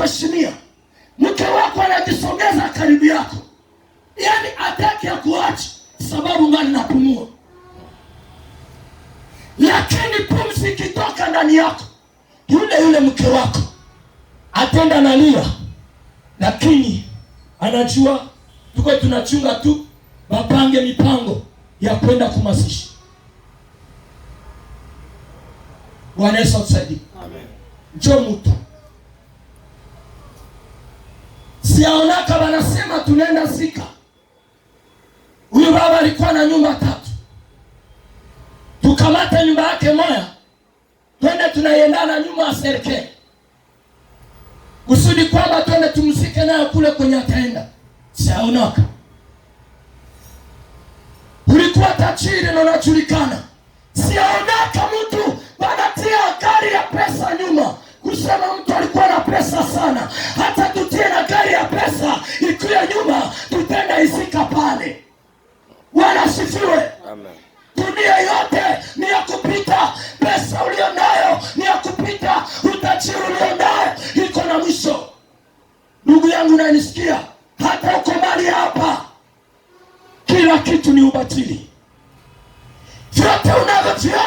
anakuheshimia, mke wako anajisogeza karibu yako, yaani ataki ya kuacha sababu ngani napumua. Lakini pumzi ikitoka ndani yako, yule yule mke wako atenda nalia, lakini anajua tuko tunachunga tu, wapange mipango ya kwenda kumasisha. Bwana Yesu atusaidie. siaonaka wanasema tunaenda zika. Huyu baba alikuwa na nyumba tatu, tukamata nyumba yake moya, twende tunaiendana nyuma ya serikali kusudi kwamba twende tumsike nayo kule kwenye ataenda. Siaonaka ulikuwa tajiri na unajulikana. Siaonaka mtu wanatia gari ya pesa nyuma, kusema mtu alikuwa na pesa sana hata Amen. Dunia yote ni ya kupita, pesa ulio nayo ni ya kupita, utajiri ulio nayo iko na mwisho. Ndugu yangu nanisikia, hata uko mali hapa, kila kitu ni ubatili, vyote unavyo